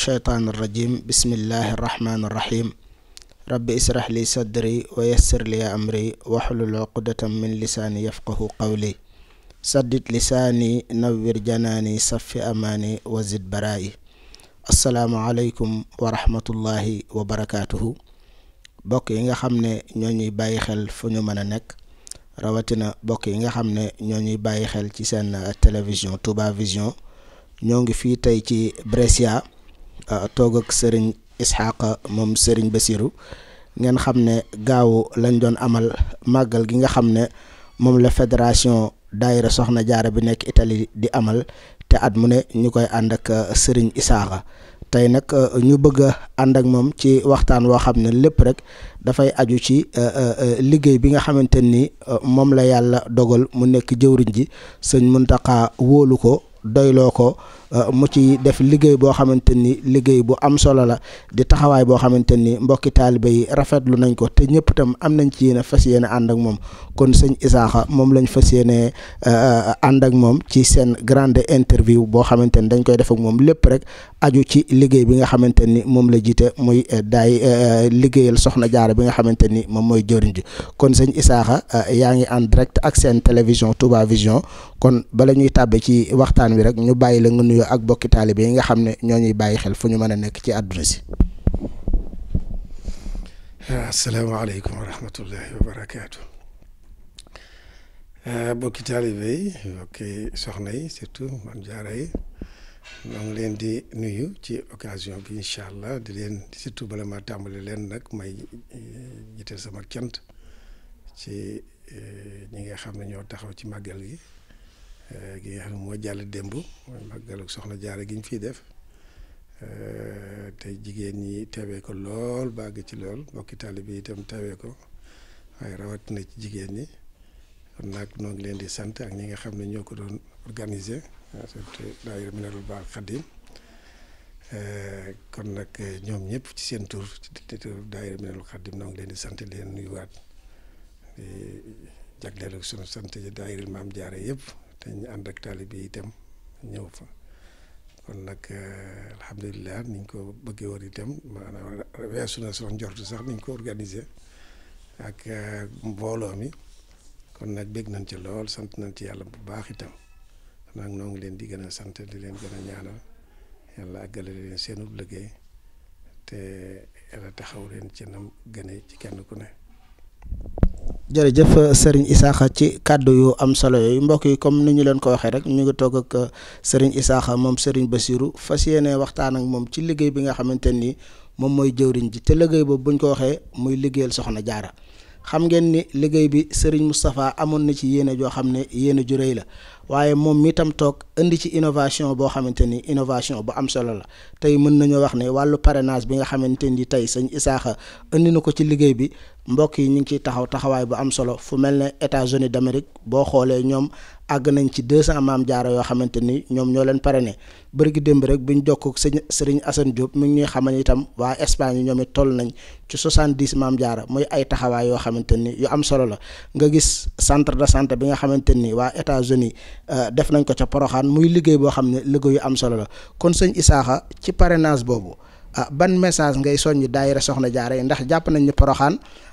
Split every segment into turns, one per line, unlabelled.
الشيطان الرجيم بسم الله الرحمن الرحيم رب اشرح لي صدري ويسر لي أمري واحلل عقدة من لساني يفقه قولي سدد لساني نور جناني صف أماني وزد برائي السلام عليكم ورحمة الله وبركاته bokk yi nga xam ne ñoo ñuy bàyyi xel fu ñu mën a nekk rawatina bokk yi nga xam ne ñoo ñuy bàyyi xel ci seen télévision Touba Vision ñoo ngi fii tey ci Brescia Euh, toog ak sëriñ Isxaaqa moom sëriñ Basiru ngeen xam ne gaawu lañ doon amal màggal gi nga xam ne moom la fédération daayira soxna jaare bi nekk Italie di amal te at mu ne ñu koy ànd ak euh, sëriñ Isaaxa tey nag euh, ñu bëgg a ànd ak moom ci waxtaan woo xam ne lépp rek dafay aju ci liggéey bi nga xamante ni moom la yàlla dogal mu nekk jëwriñ ji sëñ Muntaxa wóolu ko doyloo ko euh, mu ci def liggéey boo xamante ni liggéey bu am solo la di taxawaay boo xamante ni mbokki taalibe yi rafetlu nañ ko te ñëpp itam am nañ ci yéen a fas yéene ànd ak moom kon sëñ Isaaxa moom lañ fas yéene euh, ànd ak moom ci seen grande interview boo xamante ni dañ koy def ak moom lépp rek aju ci liggéey bi nga xamante ni moom la jiite muy eh, daay eh, eh, liggéeyal soxna jaara bi nga xamante ni moom mooy joriñ ji kon sëñ Isaaxa yaa ngi en direct ak seen télévision Touba Vision kon bala ñuy tàbbe ci waxtaan wi rek ñu bàyyi la nga nuyoo ak bokki taalibe yi nga xam ne ñoo ñuy bàyyi xel fu ñu mën a nekk ci àdduna si.
Ah, asalaamaaleykum wa rahmatullahi wa yi. ñoo ngi leen di nuyu ci occasion bi incha allah di leen surtout bala ma tàmbali leen nag may eh, jiital sama cant ci eh, ñi nga xam ne ñoo taxaw ci màggal gi eh, gi nga xam ne moo jàll démb mooy màggalu soxna jaara gi ñu fiy def te jigéen ñi teewee ko lool bàgg ci lool mbokki taalibe itam teewee ko waaye rawatina ci jigéen ñi kon nag ñoo leen di sant ak ñi nga xam ne ñoo ko doon organiser. sant daayira Minanul Baaqil Xadiim eh, kon nag eh, ñoom ñëpp ci seen tur ci tur daayira Minanul Xadiim ñoo ngi leen di sant leen nuyuwaat di jagleel ak sunu sant yi daayira maam jaare yëpp te ñu ànd ak taalibe yi itam ñëw fa kon nag eh, alhamdulilah niñ ko bëggee woon itam maanaam weesu na sama njortu sax niñ ko organiser ak mbooloo mi kon nag bég nañ ci lool sant nañ ci yàlla bu baax itam. nag noo leen di gën a sant di leen gën a ñaanal yàlla àggale leen seenub liggéey te yàlla taxaw leen ci nam gëne ci kenn ku ne
jërëjëf Serigne Issakha ci kàddu yu am solo yooyu mbokk yi comme ni ñu leen ko waxee rek ñu ngi toog ak uh, Serigne Issakha moom Serigne Bassirou fas yéene waxtaan ak moom ci liggéey bi nga xamante ni moom mooy jëwriñ ji te liggéey boobu buñ ko waxee muy liggéeyal soxna jaara xam ngeen ni liggéey bi Serigne Moustapha amoon na ci yéene joo xam ne yéene ju rëy la waaye moom mi itam toog indi ci innovation boo xamante ni innovation bu am solo la tey mën nañoo wax ne wàllu parrainage bi nga xamante ni tey sëñ Isaaxa indi na ko ci liggéey bi mbokk yi ñu ngi ciy taxaw taxawaay bu am solo fu mel ne États-Unis d'Amérique boo xoolee ñoom àgg nañ ci deux 200 maam jaara yoo xamante ni ñoom ñoo leen parrainé bëri gi démb rek bi ñu jokkoog sëñ sëriñ Assane Diop mi ngi ñuy xamal itam waa Espagne ñoom it toll nañ ci 70 maam jaara muy ay taxawaay yoo xamante ni yu am solo la nga gis centre de santé bi nga xamante ni waa États-Unis euh, def nañ ko ca Poroxaan muy liggéey boo xam ne liggéey yu am solo la kon sëñ Isaaxa ci parrainage boobu ah ban message ngay soññ daayira soxna jaara yi ndax jàpp nañ ni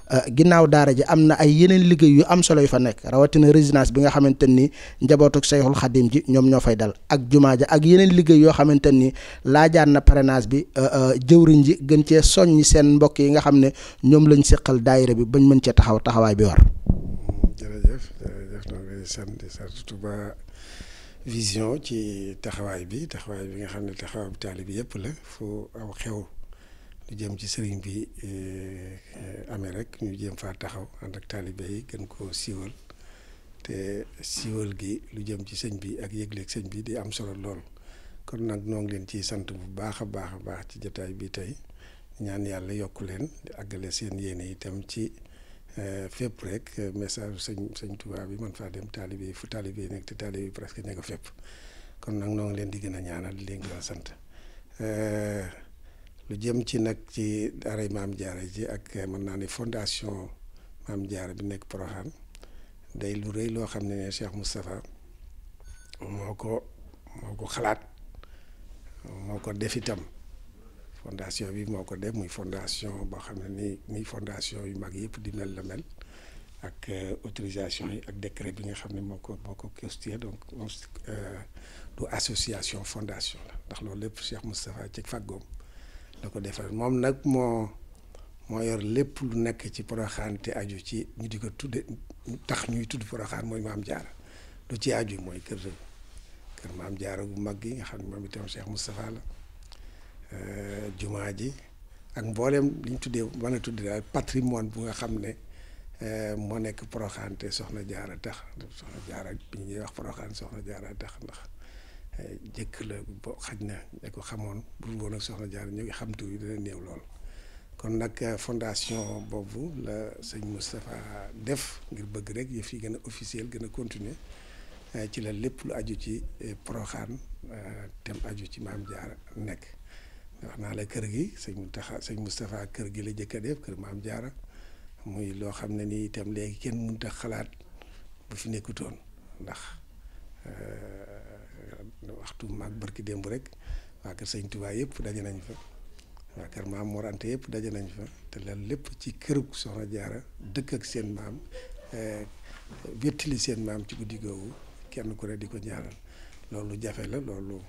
Euh, ginnaaw daara ji am na ay yeneen liggéey yu am solo yu fa nekk rawatina résidence bi nga xamante ni njabootuk Seyxul Xadim ji ñoom ñoo fay dal ak jumaa ja ak yeneen liggéey yoo xamante ni laajaan na parrainage bi euh, euh, jëwriñ ji gën cee soññ seen mbokk yi nga xam ne ñoom lañ seqal daayira bi bañ mën cee taxaw taxawaay bi war.
jërëjëf jërëjëf ci taxawaay bi taxawaay bi nga xam ne taxawaay bu bi yëpp la fu aw xew. lu jëm ci sëriñ bi e, e, amee rek ñu jëm faa taxaw ànd ak taalibe yi gën koo siiwal te siiwal gi lu jëm ci sëñ bi ak yëgleeg sëñ bi di am solo lool kon nag noo ngi leen ci sant bu baax a baax a baax ci jataay bi tey ñaan yàlla yokk leen di àggale seen yéene itam ci e, fépp rek message sëñ sëñ Tuubaa bi man faa dem taalibe yi fu taalibe yi nekk te taalibe yi presque ne ko fépp kon nag noo ngi leen di gën a ñaanal di leen gën sant. lu jëm ci nag ci daaray maam jaara ji ak mën naa ni fondation maam jaare bi nekk Porokhane day lu rëy loo xam ne ne Cheikh Moustapha moo ko moo ko xalaat moo ko def itam fondation bi moo ko def muy fondation boo xam ne ni ni fondation yu mag yëpp di mel la mel ak euh, autorisation yi ak décret bi nga xam ne moo ko moo ko constitué donc euh, du association fondation la ndax loolu lépp Cheikh Moustapha ci fàggoom la ko defar moom nag moo moo yor lépp lu nekk ci poroxaan te aju ci ñu di ko tudde tax ñuy tudd poroxaan mooy maam jaara lu ci aju mooy kër kër maam jaara bu mag yi nga xam ne moom itam Cheikh Moustapha la euh, jumaa ji ak mbooleem li ñu tuddee mën a tuddee daal patrimoine bu nga xam ne euh, moo nekk poroxaan te soxna jaara tax soxna jaara bi ñuy wax poroxaan soxna jaara tax ndax jëkk la bo xaj na ña ko xamoon bul ak soxna jaar ñu ngi xam tur yi dina néew lool kon nag euh, fondation boobu la sëñ Moustapha def ngir bëgg rek yëf yi gën a officiel gën a continuer euh, ci la lépp lu aju ci euh, Porokhane tem aju ci maam jaar nekk wax naa la kër gi sëñ tax sëñ Moustapha kër gi la jëkk a def kër maam jaara muy loo xam ne ni itam léegi kenn mënut a xalaat bu fi nekkutoon ndax waxtu maag barki démb rek waa kër sëñ Tuubaa yëpp daje nañ fa waa kër maam Mor Anta yëpp daje nañ fa te loolu lépp ci kërug Soxna Jaara dëkk ak seen maam eh, wéttali seen maam ci guddi googu kenn ku ne di ko ñaanal loolu jafe la loolu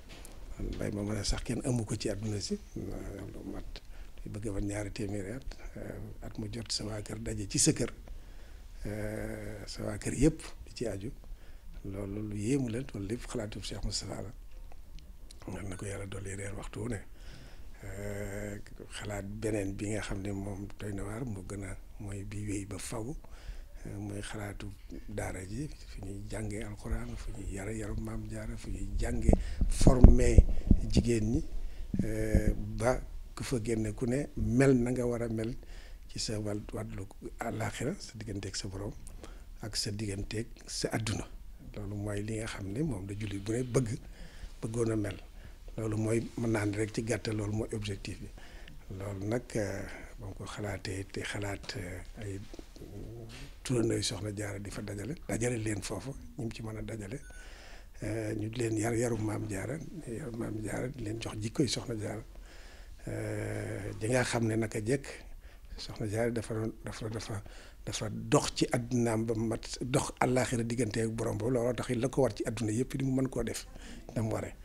mbay ma mën a sax kenn amu ko ci àdduna si lu mat bëgg a wan ñaari téeméeri at eh, at mu jot sa waa kër daje ci sa kër eh, sa kër yëpp di ci aju loolu lu yéemu la loolu lépp xalaatu Cheikh Moustapha la ngan na ko yàlla dolli reer waxtu wu ne xalaat beneen bi nga xam ne moom doy na moo gën a mooy bi wéy ba faw mooy xalaatu daara ji fu ñuy jàngee alxuraan fu ñuy yara yaru maam jaara fu ñuy jànge formé jigéen ñi ba ku fa génne ku ne mel na nga war a mel ci sa wàll wàllu àllaaxira sa digganteeg sa borom ak sa digganteeg sa àdduna loolu mooy li nga xam ne moom la jullit bu ne bëgg bëggoon a mel loolu mooy mën naa ne rek ci gàttal loolu mooy objectif bi loolu nag euh, ba ko xalaatee te xalaat euh, ay turandooy soxna jaara di fa dajale dajale leen foofu ñu ci mën a dajale euh, ñu di leen yar yaru maam jaara yaru maam jaara di leen jox jikkoy soxna jaara di nga xam ne naka jekk soxna jaara dafa dafa dafa dafa dox ci àddunaam ba mat dox àllaaxira diggante borom ba looloo tax la ko war ci àdduna yëpp di mu mën koo def dam ware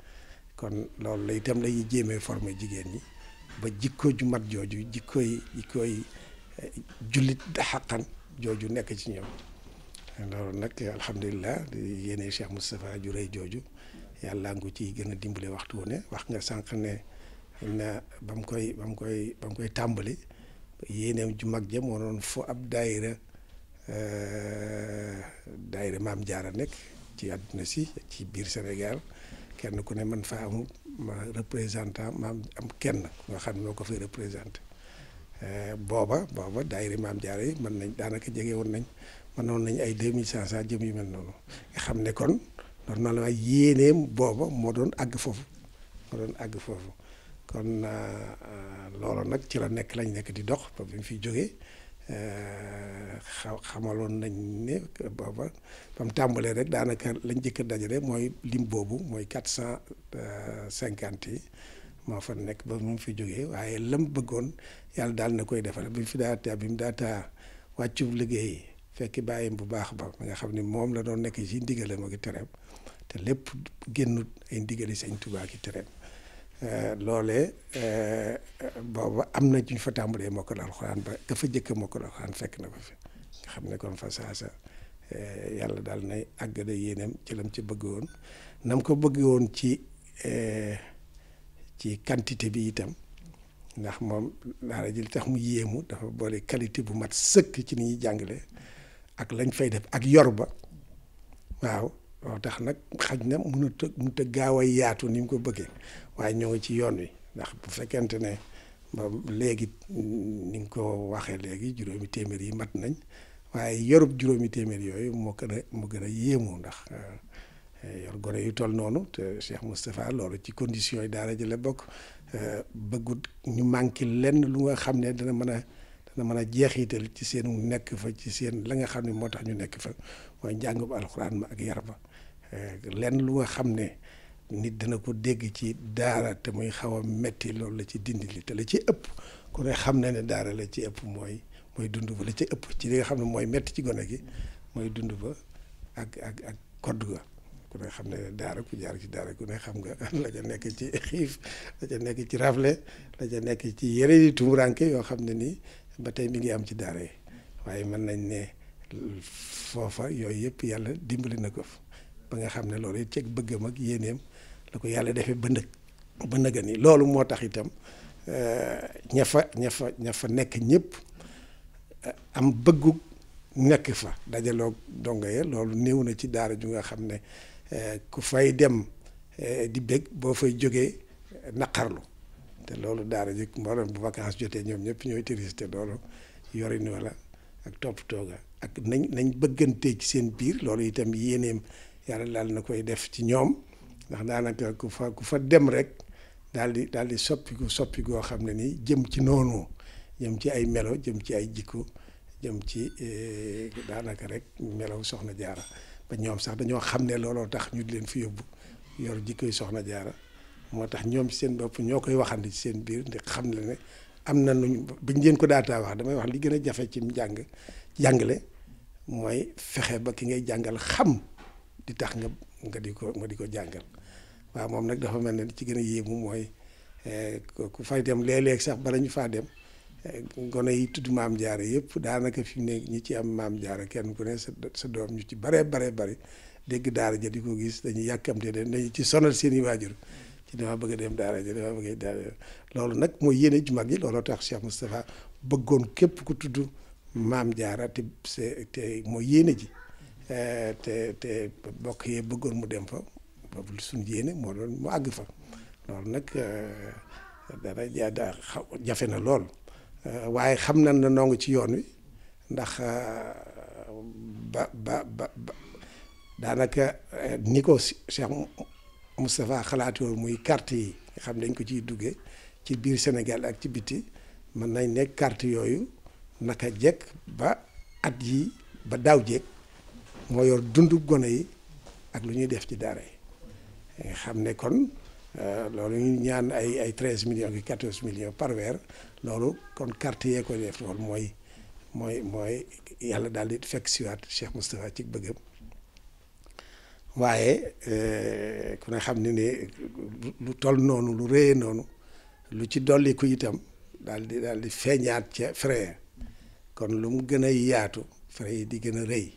kon loolu la itam lay jéemee forme jigéen ñi ba jikko ju mat jooju jikkooy jikkooy eh, jullit xaqan jooju nekk ci ñoom loolu nag alhamdulilah di yéene Cheikh ju rëy jooju yàlla ngu ci gën a dimbale waxtu wu wax nga sànq ne na koy ba mu koy ba mu koy tàmbali yéeneem ju mag ja moo doon fu ab daayira euh, daayira maam jaara nekk ci àdduna si ci biir Sénégal kenn ku ne man fa am ma représentant ma am kenn nga xam noo ko fay représenté euh, booba booba daayira am jaara yi mën nañ daanaka jege woon nañ noonu nañ ay deux mille cinq cent jëm yu mel noonu nga xam ne kon normalement yéeneem booba moo doon àgg foofu moo doon àgg foofu kon euh, euh, looloo nag ci la nekk lañ nekk di dox ba bi ñu fiy jógee euh, xamaloon nañ ne booba ba mu tàmbalee rek daanaka lañ jëkk a dajale mooy lim boobu mooy quatre cent cinquante yi moo fa nekk ba mu fi jógee waaye lam bëggoon yàlla daal na koy defal bi mu fi daataa bi mu daataa wàccu liggéey fekki bàyyim bu baax ba nga xam ne moom la doon nekk ci ndigale ma ki tereem te lépp génnut ay ndigale Sëñ Tuubaa ki tereem Euh, loolee euh, booba am na ñu fa tàmbalee mokkal alxuraan ba ka fa jëkk mokkal alxuraan fekk na ko fi nga xam ne kon fa saasa euh, yàlla daal nay àggale yéenam ci lam ci bëgg woon nam ko bëgg woon ci ci quantité bi itam ndax moom daara ji li tax mu yéemu dafa boole qualité bu mat sëkk ci ni ñuy jàngale ak lañ fay def ak yor ba waaw moo tax nag xaj na mënut a mënut a gaaw a yaatu ni mu ko bëggee waaye ñoo ci yoon wi ndax bu fekkente ne ma léegi ni nga ko waxee léegi juróomi téeméer yi mat nañ waaye yorub juróomi téeméer yooyu moo gën a moo gën a yéemu ndax euh, euh, yor gone yu toll noonu te Cheikh Moustapha loolu ci condition yi daara ji la bokk euh, bëggut ñu manqué lenn lu nga xam ne dana mën a dana mën a jeexital ci seen nekk fa ci seen la nga xam ne moo tax ñu nekk fa mooy njàngub alxuraan ak yar Euh, lenn lu nga xam ne nit dana ko dégg ci daara te muy xaw metti loolu la ci dindi li te la ci ëpp ku ne xam na ne daara la ci ëpp mooy mooy dund ba la ci ëpp ci li nga xam ne mooy metti ci gone gi mooy dund ba ak ak ak kodd ga ku ne xam ne daara ku jaar ci daara ku ne xam nga la ca nekk ci xiif la ca nekk ci rafle la ca nekk ci yére yi tumuranke yoo xam ne nii ba tey mi ngi am ci daara yi waaye mën nañ ne foofa yooyu yëpp yàlla dimbali na ko ba nga xam ne loolu yi ceeg bëggam mag yéeneem la ko yàlla defee ba nëg ba ni loolu moo tax itam eh, ña fa ña fa ña fa nekk ñëpp eh, am bëggu nekk fa dajaloo dongo ya loolu néew na ci daara ju nga xam ne eh, ku fay dem di bëgg boo fay jógee naqarlu te loolu daara ji mboolem bu vacances jotee ñoom ñëpp ñooy touriste loolu yorin wala ak topp tooga ak nañ nañ bëggantee ci seen biir loolu itam yéeneem yàlla daal na koy def ci ñoom ndax daanaka ku fa ku fa dem rek daal di daal di soppiku soppi goo xam ne nii jëm ci noonu jëm ci ay melo jëm ci ay jikko jëm ci eh, daanaka rek melow soxna jaara ba ñoom sax dañoo xam ne looloo tax ñu di leen fi yóbbu yor jikkoy soxna jaara moo tax ñoom ci seen bopp ñoo koy waxandi ci seen biir ndax xam la ne am na nuñ biñ leen ko daataa wax damay wax li gën a jafe ci mu jàng jàngale mooy fexe ba ki ngay jàngal xam di tax nga nga di ko ma di ko jàngal waaw moom nag dafa mel na ci gën a yéemu mooy eh, ku fay dem léeg-léeg sax bala ñu faa dem eh, gone yi tudd maam jaara yëpp daanaka fi mu ne ñi ci am maam jaara kenn ku ne sa sa doom ñu ci baree baree bari dégg daara ja di ko gis dañuy yàkkamte dañu ci sonal seeni i waajur ci damaa bëgg dem daara ja damaa bëgg daara loolu nag mooy yéene ju mag yi looloo tax Cheikh Moustapha bëggoon képp ku tudd maam jaara te te mooy yéene ji Eh, te te bokk yee bëggoon mu dem fa boobu suñu yéene moo doon mu àgg fa loolu nag eh, dara ja jafe na lool eh, waaye xam na ne noo ci yoon wi ndax ba ba ba daanaka ni ko Cheikh Moustapha xalaatoo muy carte yi nga xam dañ ko ciy dugge ci biir Sénégal ak ci biti mën nañ nekk carte yooyu naka jekk ba at yi ba daaw jekk moo yor dundu gone yi ak lu ñuy def ci daara yi nga xam ne kon euh, loolu ñu ñaan ay ay treize millions ak quatorze millions par weer loolu kon carte yee koy def loolu mooy mooy mooy yàlla daal di fekk siwaat Cheikh ci bëggam waaye euh, ku ne xam ne ne lu toll noonu lu rëyee noonu lu ci dolliku itam daal di daal di feeñaat ca frais kon lu mu gën a yaatu frais yi di gën a rëy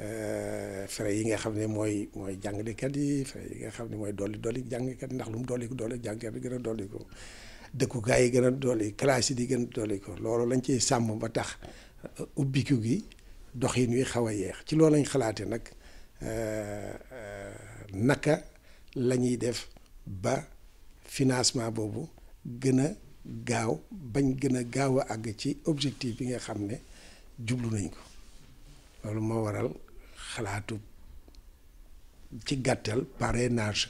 Euh, frais yi nga xam ne mooy mooy jàngalekat yi frais yi nga xam ne mooy dolli dolli jàngalekat ndax lu mu dolli ko dolli jàngalekat bi gën a dolli ko yi gën a dolli classe yi di gën a dolli ko loolu lañ ciy sàmm ba tax euh, ubbiku gi doxin wi xaw a yeex ci loolu lañ xalaate nag euh, naka la ñuy def ba financement boobu gën a gaaw gën a gaaw a àgg ci objectif bi nga xam ne jublu nañ ko loolu moo waral xalaatu ci gàttal parenage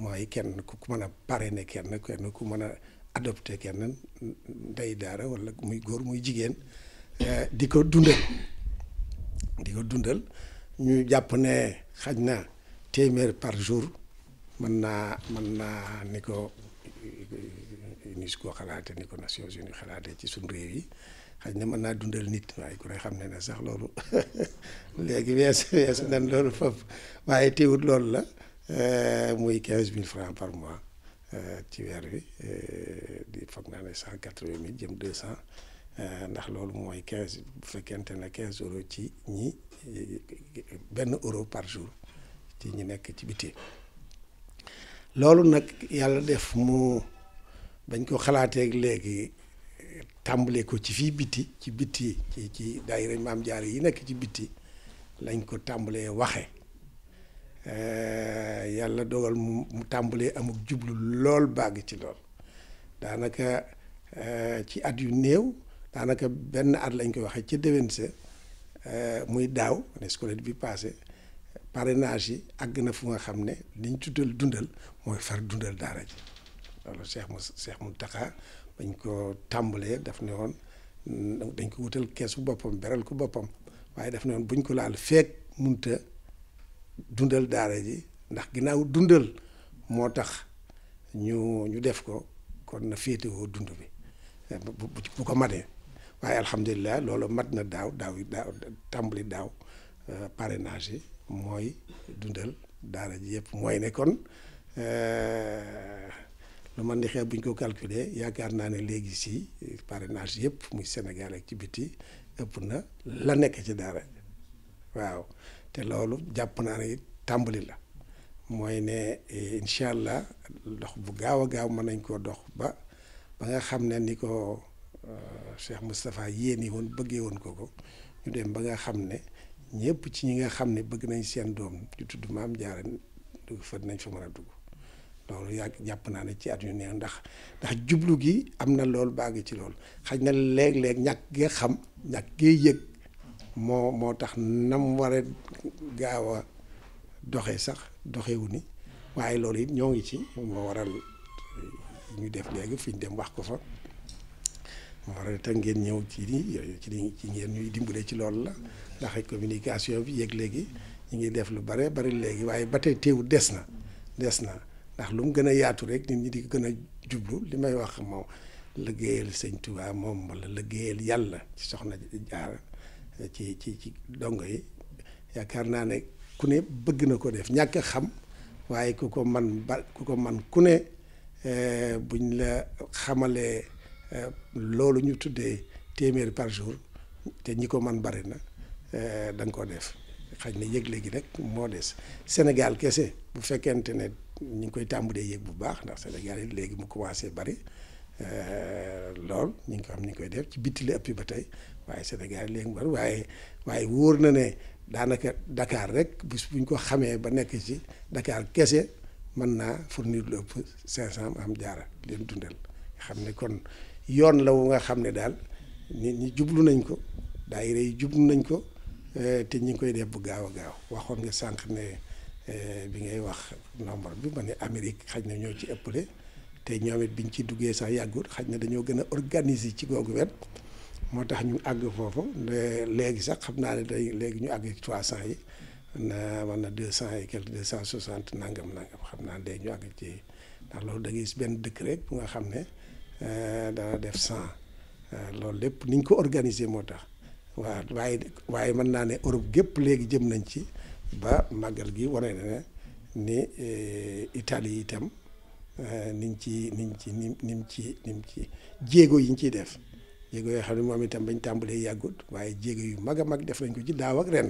mooy kenn ku mën a parrainer kenn kenn ku mën a adopté kenn ndey daara wala muy góor muy jigéen eh, di ko dundal di ko dundal ñu jàpp ne xaj na téeméer par jour mën naa mën naa ni ko unis koo xalaate ni ko Nations Unies xalaate ci suñu réew yi xaj ne mën naa dundal nit waaye ku ne ne ne sax loolu léegi wees wees nan loolu foofu waaye teewut loolu la euh, muy quinze mille francs par mois euh, ci weer wi euh, di foog naa ne cent quatre-vingt mille jëm deux cent ndax loolu mooy quinze bu fekkente ne quinze euros ci ñi benn euro par jour ci ñi nekk ci biti loolu nag yàlla def mu bañ ko xalaateeg léegi tàmbalee ko ci fii bitti ci bitti ci ci daayira maam jaar yi nekk ci bitti lañ ko tàmbalee waxe eh, yàlla dogal mu mu tàmbalee amuk jublu lool bàgg ci lool daanaka eh, ci at yu néew daanaka benn at lañ koy waxee ca déwén sa eh, muy daaw année scolaire bi passé parrainage yi àgg na fu nga xam ne liñ tuddal dundal mooy far dundal daara ji loolu Cheikh mu Cheikh Mountakha dañ ko tàmbalee daf ne woon mm, dañ ko wutal keesu boppam beral ko boppam waaye daf na woon buñ ko laal feek munta dundal daara ji ndax ginnaaw dundal moo tax ñu ñu def ko kon na féetewoo dund bi eh, bu ko matee waaye alhamdulilah loolu mat na daaw daaw daaw tàmbali daaw eh, parrainage yi mooy dundal daara ji yëpp mooy ne kon eh, lu man di xew bu ko calculer yaakaar naa ne léegi si parrainage yëpp muy Sénégal ak ci biti ëpp na la nekk ci dara waaw te loolu jàpp naa ne tàmbali la mooy ne eh, incha allah dox bu gaaw a gaaw mën nañ koo dox ba ba nga xam ne ni ko euh, Cheikh Moustapha yéene woon bëggee woon ko ko ñu dem ba nga xam ne ñëpp ci ñi nga xam ne bëgg nañ seen doom ju tudd maam nañ fa mën a dugg. loolu yàgg jàpp naa ne ci at yu neex ndax ndax jublu gi am na loolu baa ngi ci lool xaj na léeg leeg ñàkk gee xam ñàkk gee yëg moo moo tax nam waree gaaw a doxee sax doxewu ni waaye loolu it ñoo ngi ci moo waral ñu def léegi fi ñu dem wax ko fa moo te ngeen ñëw ci ni yooyu ci ngeen ñuy dimbale ci loolu la ndax communication bi yëg léegi ñu ngi def lu bare bari léegi waaye ba tey teewu des na des na ndax lu mu gën a yaatu rek nit ñi di gën a jublu li may wax moom liggéeyal sëñ Tuubaa moom wala liggéeyal yàlla ci soxna jaara ci ci ci dongo yi yaakaar naa ne ku ne bëgg na ko def ñàkk xam waaye ku ko man ba ku ko man ku ne eh, buñ la xamalee eh, loolu ñu tuddee téeméer par jour te ñi ko man bari na eh, da nga ko def xaj na yëgle gi rek moo des Sénégal kese bu fekkente ne ñu ngi koy tàmbalee yéeg bu baax ndax Sénégal yi léegi mu commencé bari euh, lool ñu ngi ko am ni ñu koy def ci bitti la ëpp ba tey waaye Sénégal yi léegi mu bari waaye waaye wóor na ne daanaka dakaar rek bis bu ñu ko xamee ba nekk ci Dakar kese mën naa fournir lu ëpp 500 am jaara leen dundal nga xam ne kon yoon la wu nga xam ne daal nit ñi jublu nañ ko daayira yi jublu nañ ko euh, te ñu ngi koy def bu gaaw a gaaw waxoon nga sànq ne. Eh, bi ngay wax nombre bi ma ne Amérique xaj na ñoo ci ëppale te ñoom bi ñu ci duggee sax yàggut xaj na dañoo gën a organiser ci googu wet moo tax ñu àgg foofu léegi sax xam naa ne day léegi ñu àgg trois cent yi na man na deux cent et quelque cent soixante nangam nangam xam naa léegi ñu àgg ci ndax loolu da ngay gis benn dëkk rek nga xam ne eh, dana def cent eh, loolu lépp niñ ko organiser moo tax waa waaye waaye mën naa ne Europe gépp léegi jëm nañ ci ba màggal gi wane na ne ni eh, Italie itam eh, niñ ci niñ ci ni nim ci nim ci jéego yiñ ciy def jéego yoo xam ne moom itam bañ tàmbalee yàggut waaye jéego yu mag a mag def nañ ko ci daaw ak ren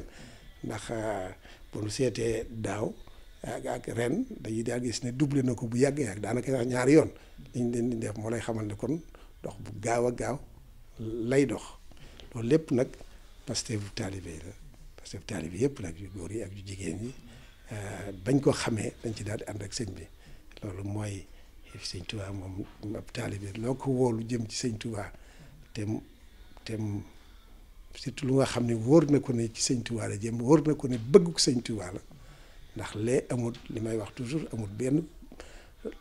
ndax eh, bu nu seetee daaw ak ak ren dañuy daal gis ne doublé na ko bu yàgg yàgg daanaka sax ñaari yoon liñ leen di def moo lay xamal ne kon dox bu gaaw a gaaw lay dox loolu lépp nag Pastef bu taalibe parce que taalibe bi yëpp nag yu góor yi ak yu jigéen yi euh, bañ koo xamee dañ ci daal di ànd ak sëñ bi loolu mooy sëñ Tuubaa moom ab taalibe loo ko wóolu jëm ci sëñ Tuubaa te te surtout lu nga xam ne wóor na ko ne ci sëñ Tuubaa la jëm wóor na ko ne bëgg ko sëñ Tuubaa la ndax lee amut li may wax toujours amul benn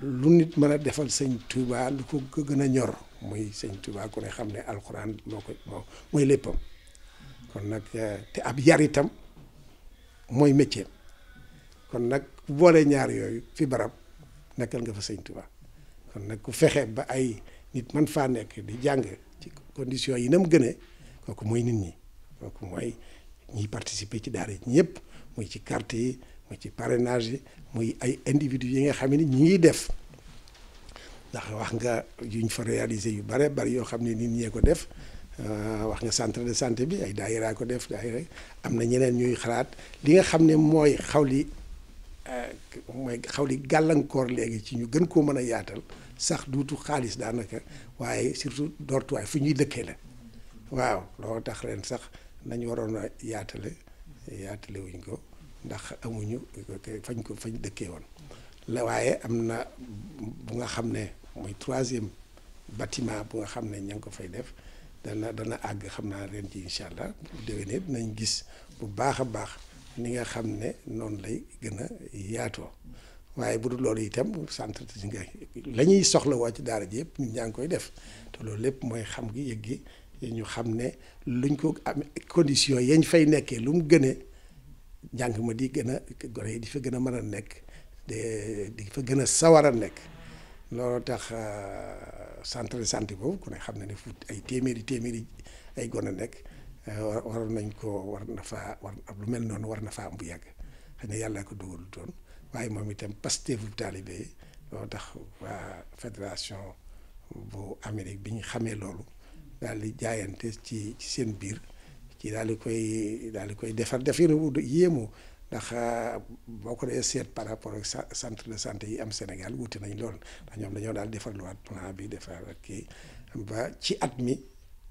lu nit mën a defal sëñ Tuubaa lu ko gën a ñor muy sëñ Tuubaa ku ne xam ne alxuraan moo ko moo mooy léppam. kon nag eh, te ab yar itam mooy métier kon nag boole ñaar yooyu fi barab nekkal nga fa sëñ Tuubaa kon nag ku fexee ba ay nit man faa nekk di jàng ci condition yi na mu a kooku mooy nit ñi kooku mooy ñiy participer ci daara ñëpp muy ci carte yi ci parrainage muy ay individus yi nga xam ne ñi ngi def ndax wax nga yuñ fa réaliser yu bare bari yoo xam ne nit ñee ko def Euh, wax nga centre de santé bi ay daayira ko def daayira am na ñeneen ñuy xalaat li nga xam ne mooy xawli euh, mooy xawli gàllankoor léegi ci ñu gën koo mën a yaatal sax duutu xaalis daanaka waaye surtout dortuwaay fu ñuy dëkkee la waaw loolu tax ren sax nañ waroon a yaatale yaatale wuñ ko ndax amuñu fañ ko fañ dëkkee woon la waaye am na bu nga xam ne mooy troisième bâtiment bu nga xam ne ña ngi ko fay def dana àgg xam naa ren ci incha allah bu déwénee dinañ gis bu baax a baax ni nga xam ne noonu lay gën a yaatoo waaye bu dul loolu itam centre si nga la ñuy soxla waa ci daara ji yëpp ñun ñaa ngi koy def te loolu lépp mooy xam gi yëg gi ñu xam ne luñ ko am condition yañ fay nekkee lu mu gënee njàng ma di gën a gone yi di fa gën a mën a nekk de di fa gën a sawar a nekk looloo tax euh, centre de santé boobu ku ne xam na ne fu ay téeméeri téeméeri ay gone nekk euh, waroon nañ ko war na faa war lu mel noonu war na faa am bu yàgg xëy na yàlla ko dugalu doon waaye moom itam Pastef taalibe yi looloo tax waa fédération bu Amérique bi ñu xamee loolu daal di jaayante ci ci seen biir ci daal di koy daal di koy defar def yéen a yéemu ndax euh, boo ko dee seet par rapport ak centre de santé yi am Sénégal wuti nañ lool ndax ñoom dañoo daal defarluwaat plan bi defar ak kii ba ci at mi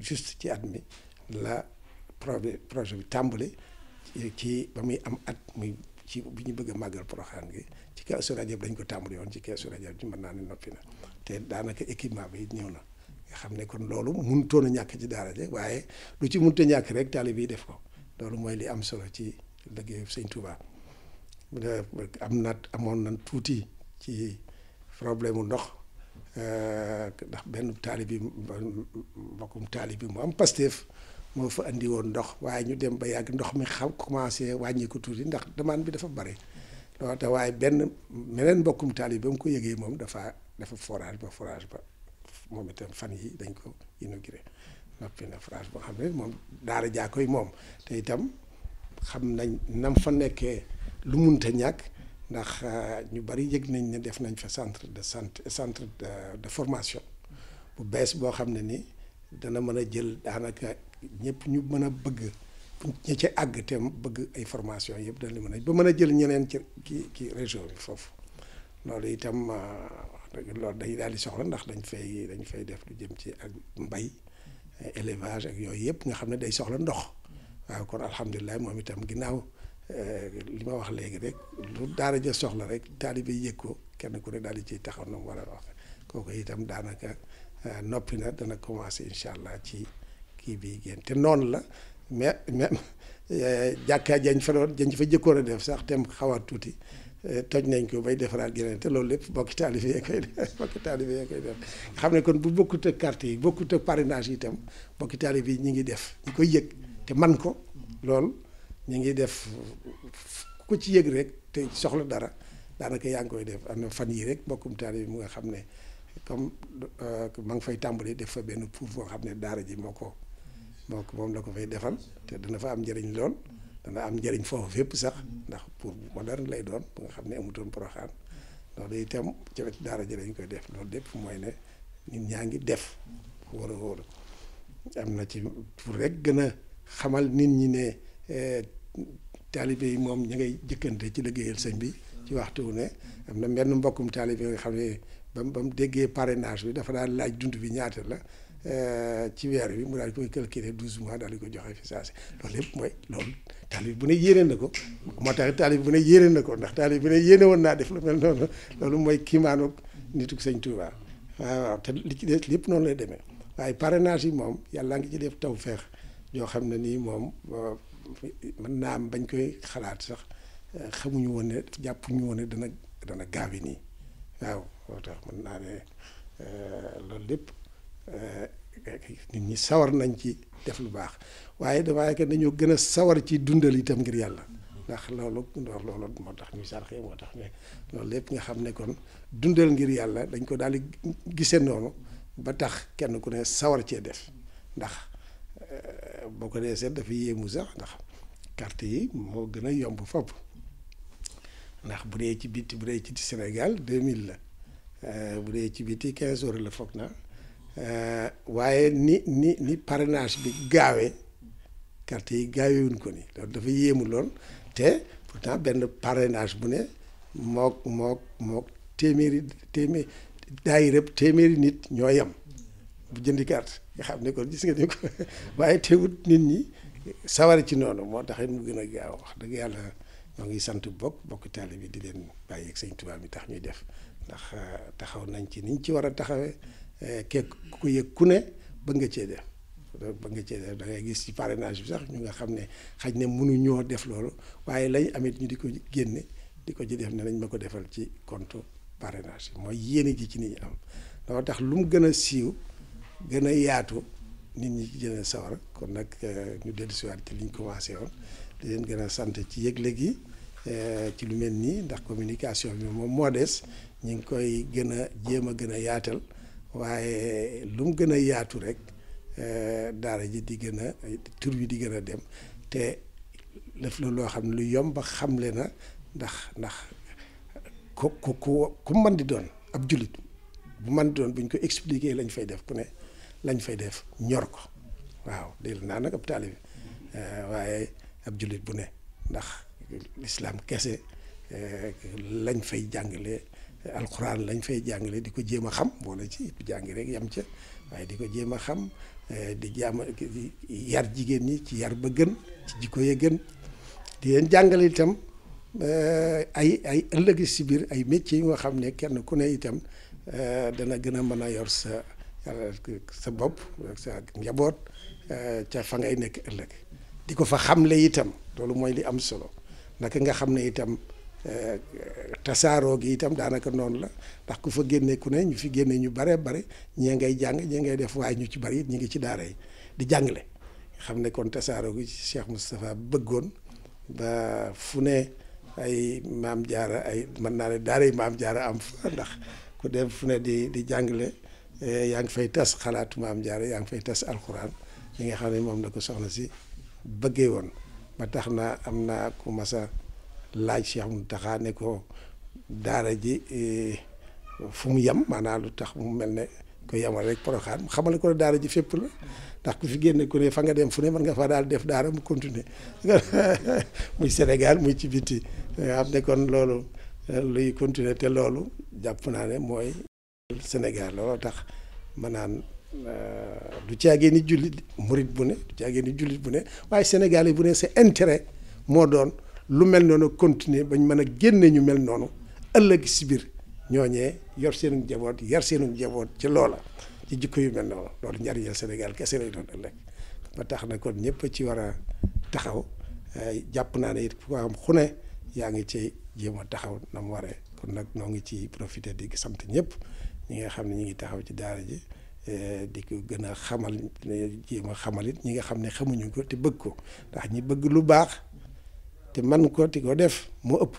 juste ci at mi la projet projet bi tàmbali ci ba muy am at muy ci bi ñu bëgg a màggal Porokhane gi ci keesu Rajab dañ ko tàmbali yoon ci keesu Rajab ci mën naa ni noppi na te daanaka équipement bi ñëw na nga xam ne kon loolu mënutoon a ñàkk ci daara waaye lu ci mënut ñàkk rek taalibe yi def ko loolu mooy li am solo ci. liggéeyu sëñ Touba am na amoon na tuuti ci problème mu ndox euh, ndax benn taali bi mbokkum taali bi mu am Pastef moo fa indi woon ndox waaye ñu dem ba yàgg ndox mi xam commencé wàññeeku tuuti ndax demande bi dafa bari loolu te waaye benn meneen mbokkum taalib ba mu ko yëgee moom dafa dafa forage ba forage ba moom itam fan yi dañ ko inauguré noppi na forage boo xam ne moom daara jaa koy moom te itam xam nañ nam fa nekkee lu munta ñàkk ndax euh, ñu bari yëg nañ ne def nañ fa centre de santé centre de formation bu bees boo xam ne ni dana mën a jël daanaka ñëpp ñu mën a bëgg ñi ci àgg te bëgg ay formation yëpp dana mën a ba mën a jël ñeneen ci ki ki région bi foofu loolu itam euh, loolu dañ daal di soxla ndax dañ fay dañ fay def lu jëm ci ak mbay élevage ak yooyu yëpp nga xam ne day soxla ndox waaw kon alhamdulilah moom itam ginnaaw euh, li ma wax léegi rek lu daara ja soxla rek taalibe yëg ko kenn ku ne daal di ciy taxaw na mu war a wax kooku itam daanaka euh, noppi na dana commencé incha allah ci kii bii génn te noonu la mais même euh, jàkkaa jañ fa doon jañ fa jëkkoon a def sax tem xawaat tuuti toj nañ ko bay defaraat yeneen te loolu lépp bokki taalibe yee koy def bokki xam ne kon bu bokkut ak carte yi bokkut parinage itam bokki taalibe yi ñu ngi def koy yëg te man ko lool ñu ngi def ku ci yëg rek te soxla dara daanaka yaa ngi koy def am na fan yii rek mbokkum taalibe mu nga xam ne comme euh, ma ngi fay tàmbali def fa benn puuf boo xam ne daara ji moo ko moo ko moom ko fay defal te dana fa am njëriñ lool dana am njëriñ foofu fépp sax ndax pour moderne lay doon bu nga xam ne amutoon poroxaan loolu itam ci wet daara ji koy def loolu lépp mooy ne nit ñaa ngi def wóor a am na ci pour rek gën a xamal nit ñi ne eh, taalibe yi moom ñu ngay jëkkante ci liggéeyal sëñ bi ci waxtu wu ne am na benn mbokkum taalibe nga xam ne ba mu ba mu déggee parrainage bi dafa daan laaj dund bi ñaata la eh, ci weer bi mu daal di koy calculer douze mois daal di ko joxe fi saa si loolu lépp mooy loolu taalib bu ne yéene na ko moo tax taalib bu ne yéene na ko ndax taalib bu ne yéene woon naa def lu mel noonu loolu mooy kiimaanoog nituk sëñ Touba waaw te li ci des lépp noonu lay demee waaye parrainage yi moom yàlla ngi ci def taw feex yoo xam ne nii moom euh, mën naa am bañ koy xalaat sax euh, xamuñu woon ne jàppuñu woon ne dana dana gaawi nii waaw moo tax mën naa ne euh, loolu lépp nit ñi sawar nañ ci def lu baax waaye damaa yaakaar gën a sawar ci dundal itam ngir yàlla ndax loolu ndoor loolu moo tax ñuy sarxee moo tax ne lépp nga xam ne kon dundal ngir yàlla dañ ko daal di gisee noonu ba tax kenn ku ne sawar cee def ndax Euh, boo ko dee seet dafa yéemu sax ndax carte yi moo gën a yomb fopp ndax bu dee ci biti bu dee ci Sénégal deux mille la euh, bu dee ci biti quinze euros la foog na euh, waaye ni ni ni parrainage bi gaawee carte yi gaawewuñ ko ni loolu dafa yéemu lool te pourtant benn parenage bu ne mook mook mook téeméeri téeméer daay rëb téeméeri nit ñoo yem bu jëndi carte nga xam ne kon gis nga ni ko waaye teewut nit ñi sawar ci noonu moo tax it mu gën a gaaw wax dëgg yàlla ñoo ngi sant bokk bokk taali bi di leen bàyyi ak sëñ Tuubaa tax ñuy def ndax euh, taxaw nañ ci niñ ci war a taxawee euh, kekk ku yëg ku ne bëgg nga cee def nga cee da ngay gis ci parrainage bi sax ñu nga xam ne xaj ne mënuñoo def loolu waaye lañ amit ñu di ko génne di ko ci def ne nañ ma ko defal ci compte parrainage mooy yéene ji ci nit am dama tax lu mu gën a siiw gën a yaatu nit ñi ci gën sawar kon nag euh, ñu dellusiwaat ci liñ commencé woon di leen gën a sant ci yëgle gi euh, ci lu mel nii ndax communication bi moom moo des ñu ngi koy gën a jéem a gën a yaatal waaye lu mu gën a yaatu rek euh, daara ji di gën a tur wi di gën a dem te def la loo xam ne lu yomb xamle na ndax ndax ku ku ku ku mën di doon ab jullit bu mën di doon buñ ko expliquer lañ fay def ku ne. lañ fay def ñor ko waaw dégg naa nag ab taalibe eh, waaye ab jullit bu ne ndax lislaam kese eh, lañ fay jàngale alxuraan lañ fay jàngale di ko jéem a xam boole ci jàngi rek yam ca waaye di ko jéem a xam eh, di jaam yar jigéen ñi ci yar ba gën ci jikko ya gën di leen jàngale itam ay ay ëllëg si biir ay métiers yu nga xam ne kenn ku ne itam dana gën a mën a yor sa Euh, sa bopp ak sa njaboot euh, ca fa ngay nekk ëllëg di ko fa xamle itam loolu mooy li am solo naka nga xam ne itam euh, tasaaroo gi itam daanaka noonu la ndax ku fa génne ku ne ñu fi génne ñu bare bare ñee ngay jàng ñee ngay def waaye ñu ci bari it ñu ngi ci daara yi di jàngale xam ne kon tasaaroo gi Cheikh Moustapha bëggoon ba fu ne ay maam jaara ay mën naa ne daara maam jaara am fa ndax ku dem fu ne di di jàngale Eh, yaa ngi fay tas xalaatu am Jaara yaa ngi fay tas alxuraan li nga xam ne moom na ko soxna si bëggee woon ba tax na am naa ku masa laaj Cheikh Mountakha ne ko daara ji eh, fu mu yem maanaam lu tax mu mel ne ko yemal rek poroxaan mu xamal ko daara ji fépp la ndax ku fi génne ku fa nga dem fu ne mën nga faa daal def daara mu continuer muy Sénégal muy ci biti nga eh, xam ne kon loolu luy continuer te loolu jàpp naa ne mooy Sénégal looloo tax ma naan euh, du caagee ni jullit murit bu ne du caagee ni jullit bu ne waaye Sénégal bu ne sa intérêt moo doon lu mel noonu continuer bañ mën a génnee ñu mel noonu ëllëg si biir ñooñee yor seenu njaboot yar seenu njaboot ci loola ci jikko yu mel noonu loolu njariñal Sénégal kese lay doon ëllëg ba tax na kon ñëpp ci war a taxaw jàpp naa ne it ku am xune yaa ngi ci jéem a taxaw na mu waree kon nag noo ngi ci profité di sant ñëpp ñi nga xam ne ñu ngi taxaw ci daara ji eh, di ko gën a xamal jéem a xamal it ñi nga xam ne xamuñu ko te bëgg ko ndax ñi bëgg lu baax te man ko ti ko def moo ëpp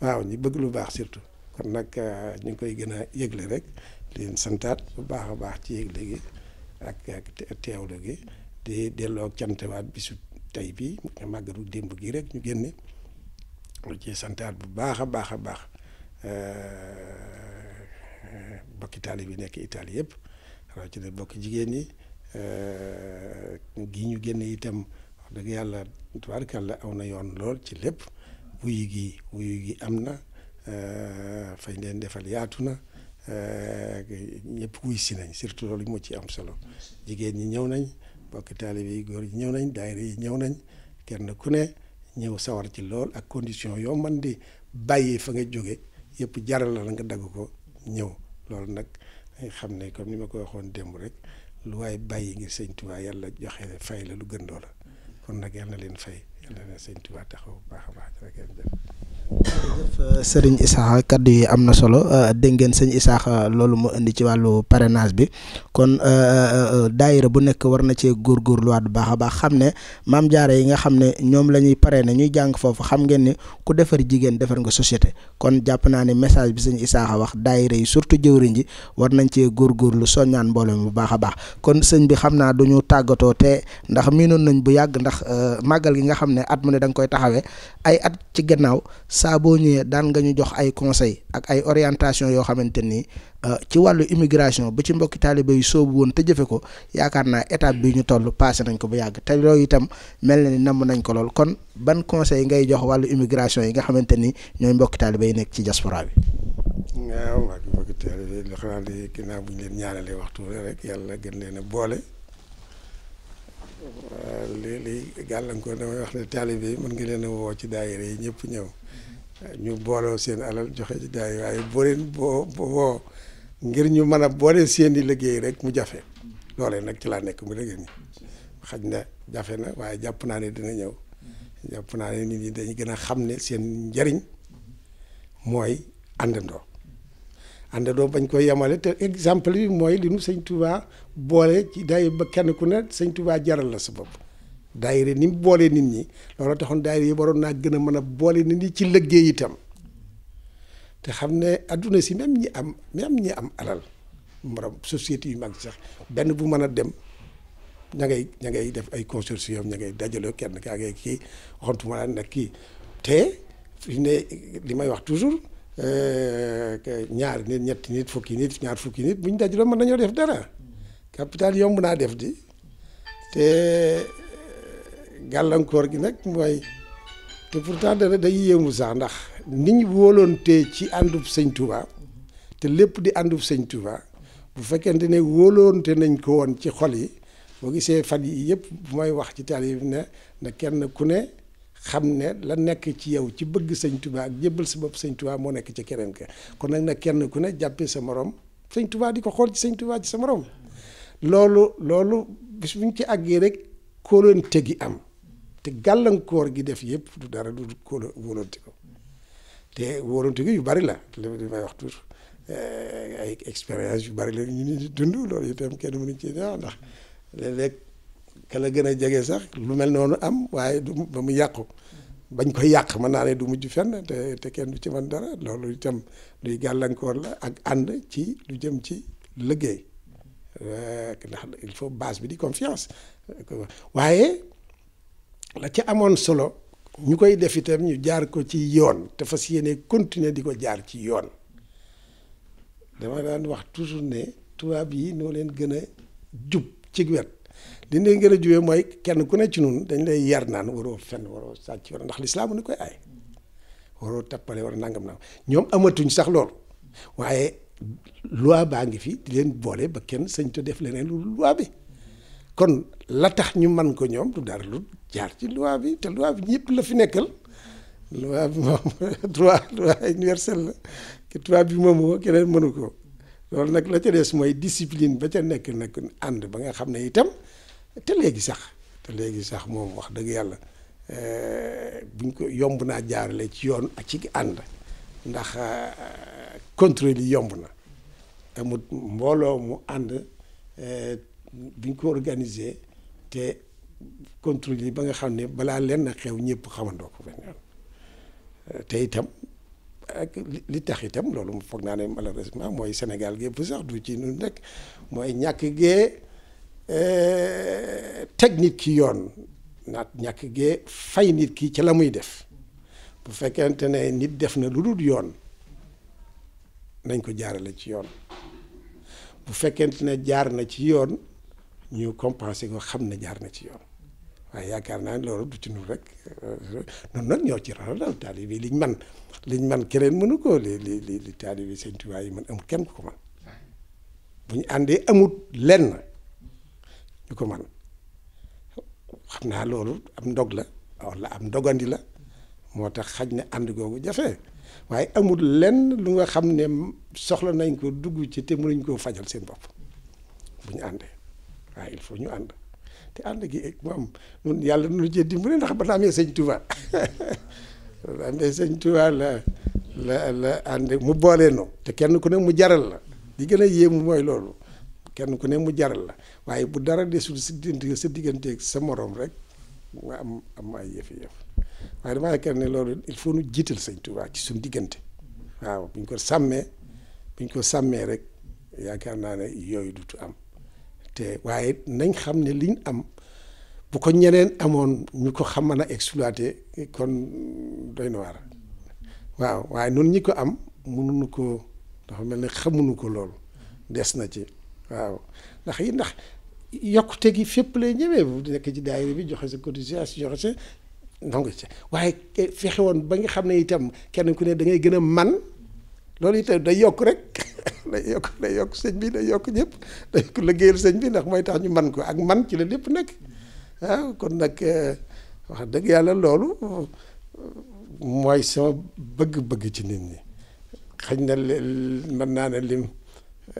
waaw ñi bëgg lu baax surtout kon nag eh, ñu ngi koy gën a yëgle rek di leen santaat bu baax a baax ci yëgle gi ak ak delloo cantewaat bisu tey bi démb gi rek ñu génne ci santaat bu baax a baax a baax eh, bokki taali bi nekk Italie yëpp rawatina bokki jigéen ñi euh, gi ñu génn itam wax dëgg yàlla tubaarkàlla aw na yoon lool ci lépp wuyu gi wuyu gi am na euh, fañ leen defal yaatu na euh, ñëpp wuy si nañ surtout loolu moo ci am solo jigéen ñi ñëw nañ bokki taali bi góor ñi ñëw nañ daayira yi ñëw nañ kenn ku ne ñëw sawar ci lool ak condition yoo man di bàyyi fa nga jóge yëpp jaral la nga dagg ko ñëw loolu nag dañ xam ne comme ni ma ko waxoon démb rek lu waaye bàyyi ngir sëñ Tuubaa yàlla joxe fay la lu gën la kon nag yàlla na leen fay yàlla na leen sëñ Tuubaa taxaw bu baax a baax jërëjëf
sëriñ euh, Serigne kaddu yi am na solo euh, dégg ngeen sëñ Issakha euh, loolu mu indi ci wàllu parrainage bi kon daayira bu nekk war na cee góorgóorluwaat bu baax a baax xam ne maam jaare yi nga xam ne ñoom la ñuy parrainé ñuy jàng foofu xam ngeen ni ku defar jigéen defar nga société kon jàpp naa ne message bi sëñ Issakha wax daayira yi surtout jëwriñ ji war nañ cee lu soññaan mbooloo mi bu baax a baax kon sëñ bi xam naa du ñu tàggatoo te ndax miinoon nañ bu yàgg ndax màggal gi nga xam ne at mu ne da koy taxawee ay at ci gannaaw saa boo ñëwee daan nga ñu jox ay conseil ak ay orientation yoo xamante ni euh, ci wàllu immigration bu ci mbokki taalibe yi soobu woon te jëfe ko yaakaar naa étape bi ñu toll passé nañ ko bu yàgg te loolu itam mel na ni namm nañ ko lool kon ban conseil ngay jox wàllu immigration yi nga xamante ni ñooy mbokki taalibe yi nekk ci diaspora bi.
waaw mbokki taalibe yi xanaa naa ginnaaw bu ñu leen ñaanalee waxtu rek yàlla gën leen a boole. waaw léeg-léeg gàllankoor damay wax ne taalibe yi mën nga leen a woo ci daayira yi ñëpp ñëw ñu booloo seen alal joxe ci daay waaye boo leen boo boo ngir ñu man a boole seen i liggéey rek mu jafe loole nag ci laa nekk mu liggéey ni xaj na jafe na waaye jàpp naa ne dina ñëw jàpp naa ne nit ñi dañu gën a xam ne seen njariñ mooy àndandoo àndandoo bañ koy yemale te exemple bi mooy li nu sëñ Touba boole ci day ba kenn ku ne sëñ Touba jaral la sa bopp daayira ni mu boolee nit ñi loolu taxoon daayira yi waroon naa gën a mën a boole nit ñi ci liggéey itam te xam ne adduna si même ñi am même ñi am alal morom société yu mag sax benn bu mën a dem ña ngay ña def ay consortium ña ngay dajale kenn kaa ngay kii waxantuma laa kii te fi ne li may wax toujours euh, ñaari nit ñetti nit fukki nit ñaar fukki nit bu ñu dajaloo mën nañoo def dara capital yomb naa def di te gàllankoor gi nag mooy te pourtant dana day yéemu sax ndax niñ wóoloonte ci àndub sëñ Touba te lépp di àndub sëñ Touba bu fekkente ne wóoloonte nañ ko woon ci xol yi boo gisee fan yi yëpp bu may wax ci taal yi ne na kenn ku ne xam ne la nekk ci yow ci bëgg sëñ Touba ak jébbal sa bopp sëñ moo nekk ci keneen ka kon nag na kenn ku ne jàppee sa morom sëñ Touba di ko xool ci sëñ Touba ci sa morom loolu loolu bis buñ ci àggee rek kóolonte gi am te gàllankoor gi def yëpp du dara du kóol wóolante ko te wóolante gi yu bari la li may wax toujours eh, ay expérience yu bari la ñu ni dund loolu itam kenn ci dara ndax léeg gën a jege sax lu mel noonu am waaye du ba mu yàqu bañ koy yàq mën naa du mujj fenn te kenn du ci mën dara loolu itam luy gàllankoor la ak ànd ci lu jëm ci liggéey eh, ndax il faut base bi di confiance waaye. la ci amoon solo ñu koy def itam ñu jaar ko ci yoon te fas yéene continuer di ko jaar ci yoon dama daan wax toujours ne tubaab yi noo leen gën a jub ci wet li leen gën a jubee mooy kenn ku ne ci nun dañ lay yar naan waroo fenn waroo sàcc waroo ndax lislaam ni koy aay waroo tappale war a nangam naa ñoom amatuñ sax loolu waaye loi baa ngi fi di leen boole ba kenn sañ to def leneen lu loi bi kon la tax ñu man ko ñoom du dara lu jaar ci loi bi te loi bi ñëpp la fi nekkal loi bi moom bi moom moo keneen mënu ko loolu nag la ca des mooy discipline ba ca nekk nag ànd ba nga xam ne itam te léegi sax te léegi sax moom wax dëgg yàlla eh, buñ ko yomb naa jaarale ci yoon ak ci ànd ndax eh, contrôle yi yomb na amut mbooloo mu ànd eh, buñ ko organiser te contrôler ba nga xam ne balaa lenn xew ñëpp xamandoo ko benn yoon te itam ak li tax itam loolu foog naa ne malheureusement mooy Sénégal gépp sax du ci nu rek mooy ñàkk gee eh, teg nit ki yoon naat ñàkk gee fay nit ki ci la muy def bu fekkente ne nit def na lu dul yoon nañ ko jaarale ci yoon bu fekkente ne jaar na ci yoon ñu compenser ko xam ne jaar na ci yoon waaye yaakaar naa ne loolu du ci euh, nun rek noonu nag ñoo ci rafetal taalib yi liñ man liñ man keneen mënu ko li li li li taalib yi sëñ Tuubaa yi man amul kenn ku ko man bu ñu àndee amut lenn ñu ko man xam naa loolu am ndog la walla am ndogandi la moo tax xaj na ànd googu jafe waaye amul lenn lu nga xam ne soxla nañ ko dugg ci te mënuñ koo fajal seen bopp bu ñu àndee waaye il faut ñu ànd te ànd gi mu am nun yàlla nu jël dimbali ndax ba amee sëñ Tuubaa ba sëñ Tuubaa la la la ànd mu boolee no te kenn ku ne mu jaral la li gën a yéemu mooy loolu kenn ku ne mu jaral la waaye bu dara desul si diggante sa digganteeg sa morom rek nga am am ay yëf-yëf waaye damaa yaakaar loolu il faut nu jiital sëñ Tuubaa ci suñu diggante waaw bu ñu ko sàmmee bu ñu ko sàmmee rek yaakaar naa ne yooyu dutu am te waaye nañ xam ne liñ am bu ko ñeneen amoon ñu ko xam mën a exploité kon doy na waaw waaye noonu ñi ko am mënuñu ko dafa mel ne xamuñu ko loolu des na ci waaw ndax yi ndax yokkute gi fépp lay ñëwee bu nekk ci daayira bi joxe sa cotisation joxe sa donc waaye fexe woon ba nga xam ne itam kenn ku ne dangay gën a man loolu itam day yokk rek day yokk day yokk sëñ bi day yokk ñëpp day yokk liggéeyal sëñ bi ndax mooy tax ñu man ko ak man ci la lépp nekk ah kon nag eh, wax dëgg yàlla loolu eh, mooy sama bëgg-bëgg ci nit ñi xëy na mën naa ne lim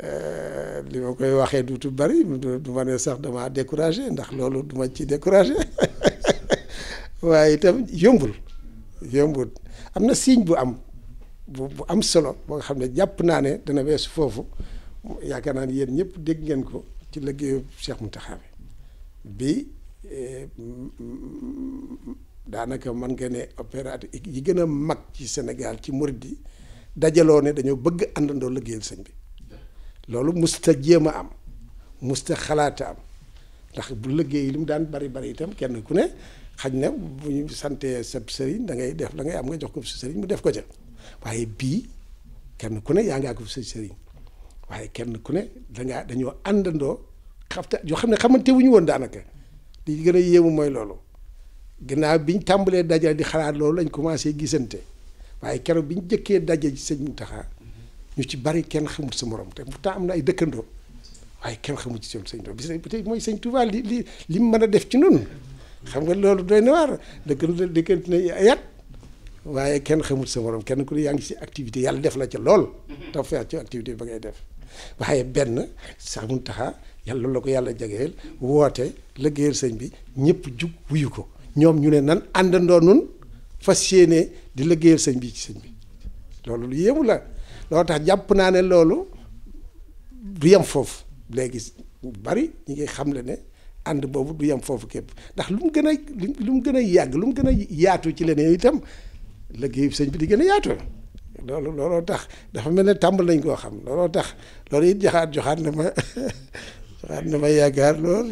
eh, li ma koy waxee du tu bari du ma ne sax dama découragé ndax loolu duma ci découragé waaye itam yombul yombul am na signe bu am bu bu am solo boo nga xam ne jàpp naa ne dana weesu foofu yaakaar naa ne yéen ñëpp dégg ngeen ko ci liggéeyu mu Mountakha bi eh, daanaka man nga ne opérateur yi gën a mag ci Sénégal ci murid yi dajaloo ne dañoo bëgg àndandoo liggéeyal sëñ bi loolu musta jéem a am musta xalaata am ndax bu liggéey li mu daan bari bari itam kenn ku ne xaj na bu ñu santee sab sëriñ da ngay def la ngay am nga jox ko sa sëriñ mu def ko ca waaye bii kenn ku ne yaa ngi àgg fa sëriñ waaye kenn ku ne dangaa dañoo àndandoo xafta yoo xam ne xamante wuñu woon daanaka li gën a yéemu mooy loolu gannaaw biñ tàmbalee daje di xalaat loolu lañ commencé gisante waaye keroog bi ñu jëkkee daje ci sëñ Mountakha ñu ci bari kenn xamul sa moroom te pourtant am na ay dëkkandoo waaye kenn xamul ci seen sëñ Touba bi mooy sëñ Touba li li li mu mën a def ci noonu xam nga loolu doy na waar dëkk dëkkante na ay at waaye kenn xamut sa morom kenn ku ne yaa ngi si activité yàlla def la ca lool. Mm-hmm. tax feex ci activité ba ngay def. waaye benn Cheikh Mountakha yàlla loolu la ko yàlla jageel woote liggéeyal sëñ bi ñëpp jug wuyu ko ñoom ñu ne nan àndandoo nun fas yéene di liggéeyal sëñ bi ci sëñ bi loolu lu yéemu la loolu tax jàpp naa ne loolu du yem foofu léegi bari ñu ngi xamle ne ànd boobu du yem foofu képp ndax lu mu gën a lu mu gën a yàgg lu mu gën a yaatu ci leneen itam. liggéey sëñ bi di gën a yaatu loolu looloo tax dafa mel ne tàmbal nañ koo xam looloo tax loolu it joxaat joxaat na ma joxaat na ma yaakaar lool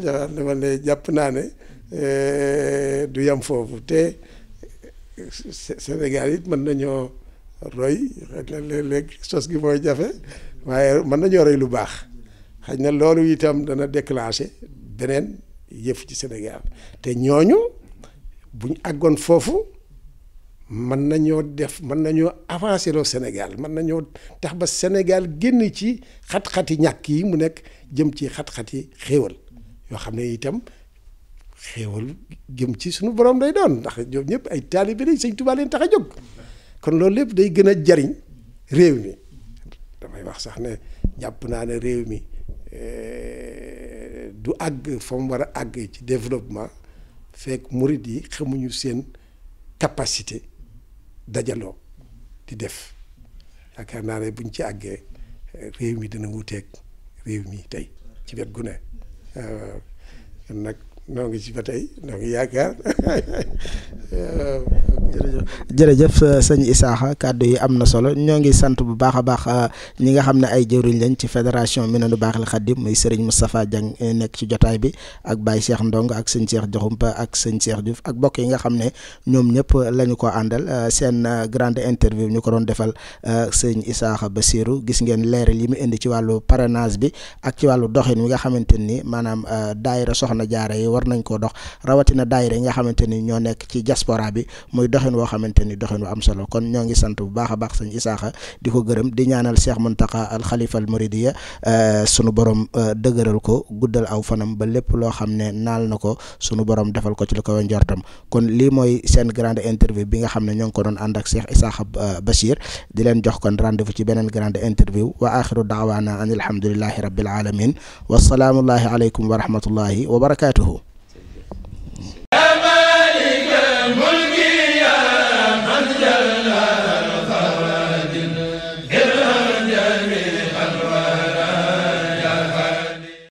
na jàpp naa ne eh, du yam foofu te Sénégal it mën nañoo roy xëy na léeg sos gi jafe waaye mën nañoo roy lu baax xëy na loolu itam dana déclenché beneen yëf ci Sénégal te ñooñu buñ àggoon foofu. mën nañoo def mën nañoo avancer loo Sénégal mën nañoo tax ba Sénégal génn ci xat-xati ñàkk yi mu nekk jëm ci xat-xati xéewal yoo xam ne itam xéewal jëm ci suñu borom day doon ndax ñoom ñëpp ay taalibe lañ Sëñ Tuubaa leen tax a jóg kon loolu lépp day gën a jariñ réew mi damay wax sax ne jàpp naa ne réew mi eh, du àgg fa mu war a àgg ci développement fekk murit yi xamuñu seen capacité dajaloo di def yaakaar naa ne buñ ci àggee réew mi dina wuuteeg réew mi tey ci wet gu ne nag noo ngi ci ba tey noo yaakaar jërëjëf
jërëjëf euh, sëñ Isaaxa kàddu yi am na solo ñoo ngi sant bu baax a baax euh, ñi nga xam ne ay jëwriñ lañ ci fédération Minanu Baaxil Xaddim muy sëriñ Moustapha Dieng euh, nekk ci jotaay bi ak Baye Cheikh Ndong ak sëñ Cheikh Joxumpa ak sëñ Cheikh Diouf ak bokk yi nga xam ne ñoom ñëpp lañu ko àndal seen grande interview ñu ko doon defal sëñ Isaaxa Basiru gis ngeen leeral yi mu indi ci wàllu parrainage bi ak ci wàllu doxin wi nga xamante ni maanaam daayira soxna jaara yi war nañ koo dox rawatina daayira yi nga xamante ni ñoo nekk ci diaspora bi muy doxin woo xamante ni doxin wu am solo kon ñoo ngi sant bu baax a baax sëñ Isaaxa di ko gërëm di ñaanal Cheikh Mountakha al Khalifa al Mouridiya euh, sunu borom euh, dëgëral ko guddal aw fanam ba lépp loo xam ne naal na ko sunu borom defal ko ci lu ko njortam kon lii mooy seen grande interview bi nga xam ne ñoo ngi ko doon ànd ak Cheikh Isaaxa euh, Bachir di leen jox kon rendez-vous ci beneen grande interview wa axiru daawaana an alhamdulillahi rabbil alamin wa salaamullahi aleykum wa rahmatullahi wa barakatuhu